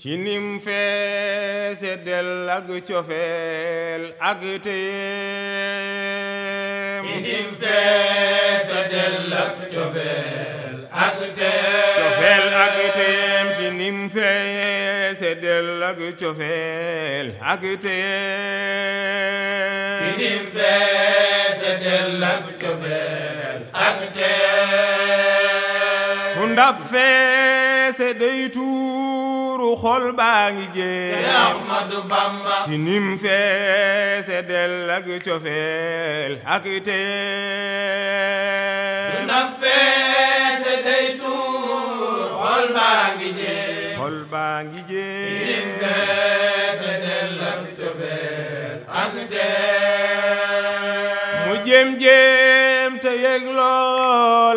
ci nim feese del ak cofeel ak teyeem ci nim feese del ak cofeel ak teyeem cofeel ak teyeem ci nim feese del ak cofeel ak teyeem ci nim feese del ak cofeel ak teyeem fu ndab feese dey tuur xol ci nim feese del ak cofeel xol baa ngi jéem. xol ngi jéem. mu jéem jéem.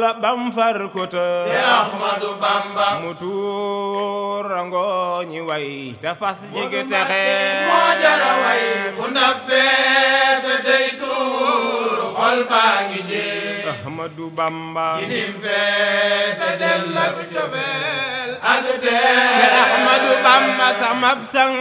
la bam si Ahmadu Bamba mu tuur rangooñi way te fas jig texe moo jara way fu ndab feese day tuur xol baa ngi jéem Ahmadu Bamba ginim feese del ak cobel ak teel Ahmadu Bamba samab sang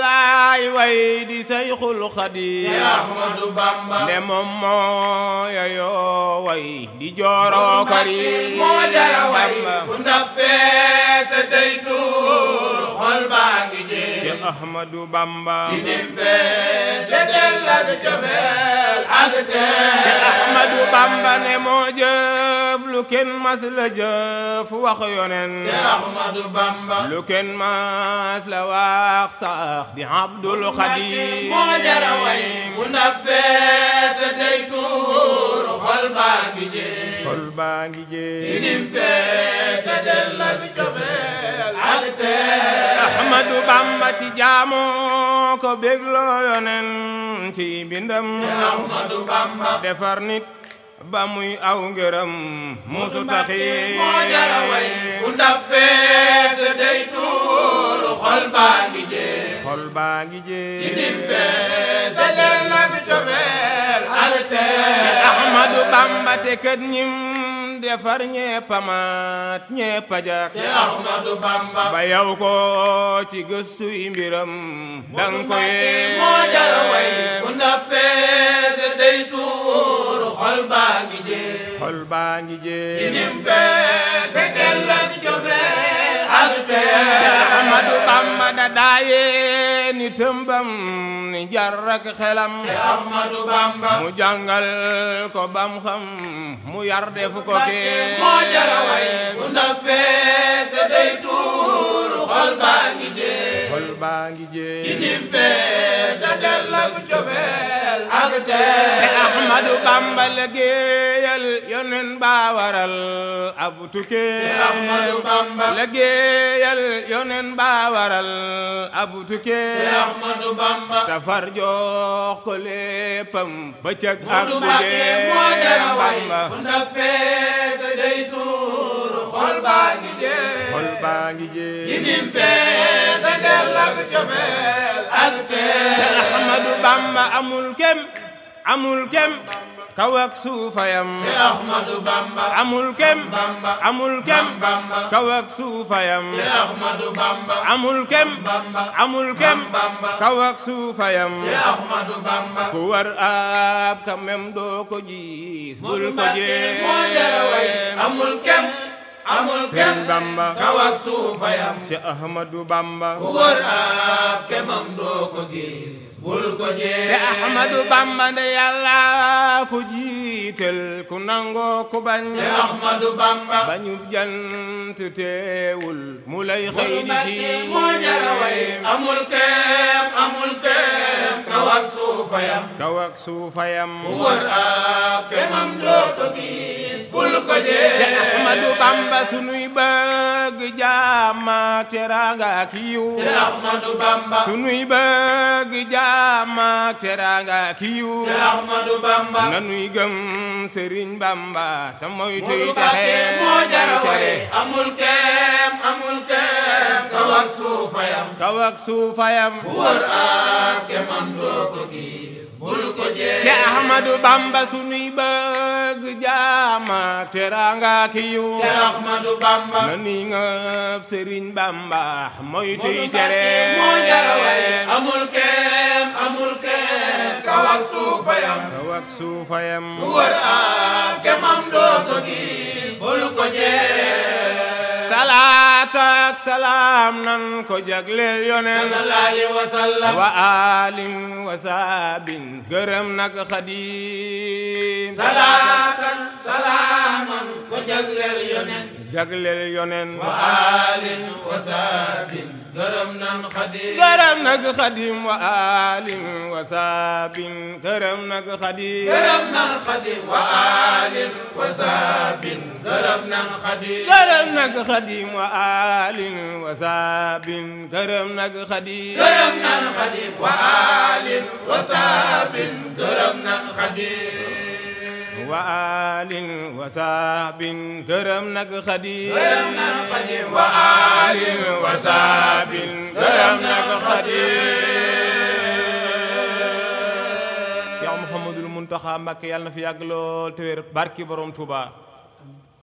laay way di Sayxul Xadiim Ahmadu Bamba ne moom moo yayoo way di jooroo karim moo jara way bu ndab feese day tuur xol baa ngi jeex Ahmadu Bamba di dim feese del ak jabel ak teel Ahmadu Bamba ne moo jër jëf lu kenn mas la jëf wax yonen Seex Ahmadu Bamba lu kenn mas la wax sax di Abdul Xadim moo jara way mu nafees tey tuur xol baa ngi jéem xol la bi jobeel teel Ahmadu Bamba ci jaamoo ko bégloo yonen ci bindam Seex Ahmadu Bamba defar ba muy aw ngërëm musu taxi moo jara way fees day tuuru xol baa ngi jee xol baa ngi jee yi dim fees del nag jomeel ala tee Ahmadu Bamba te ñim defar ñeepa maat ñeepa jak si Ahmadu ba yow ko ci gëstu yi mbiram dang ko yee moo jara way ku ndafeese day ngi jee xol ngi jee ci nim feese del Ahmada daayee ni tëmbam ni jar xelam. Seex Ahmadu Bamba mu jàngal ko bam xam mu yar def ko kee. moo jara way bu ndafee sa day xol baa ngi jee. xol baa sa del ku cobeel ak tee. Ahmadu Bamba liggéeyal yonen yonen ba waral ab tukkee Ahmadu Bamba tafar jox ko léppam bëccëg ak liggéey moo way fu ndak fees tuur xol baa ngi jee xol baa ngi jee ak cobel ak teel Ahmadu Bamba amul amul kem kaw ak suufayam si Bamba amul kem Bamba si Ahmadu Bamba ku war ab kamem doo ko gis bul ko jeex amul kem amul kenn bamba kaw ak ko fayam kawak su fayam ku wër ak demam doo ko bul ko je Ahmadu Bamba sunuy beug jama teranga ak yiw te Ahmadu Bamba sunuy beug jama teranga ak yiw Ahmadu Bamba nanuy gem Sëriñ Bamba tamoy tey texe amul kem amul kem kaw ak suufayam kaw ak suufayam bu wër doo ko gis ko jee si Ahmadu Bamba sunuy bëgg jaama teraanga ki yiw si Ahmadu Bamba na ni nga Bamba mooy tuy tere moo jarawaye amul kenn amul kenn kaw ak suufayam kaw ak suufayam bu wër doo ko ataak salaam nan ko jagleel yonen wa aalin wa saabin gërëm nag xadim salaaman ko jagleel yonen jagleel wa aalin wa saabin gërëm nan xadim gërëm nag xadim wa alim wa saabin gërëm nag xadim gërëm nan xadim wa alim wa saabin gërëm nan xadim gërëm nag xadim wa alim wa saabin gërëm nag xadim gërëm nan xadim wa alim wa saabin gërëm nan xadim wa alin wa saabin gërëm nag xadim gërëm nag xadim wa alin wa saabin gërëm na ko Xaadim Cheikh Mouhamadul Muntaxa Mbakke yàlla na fi yàgg lool te wér barki borom Touba.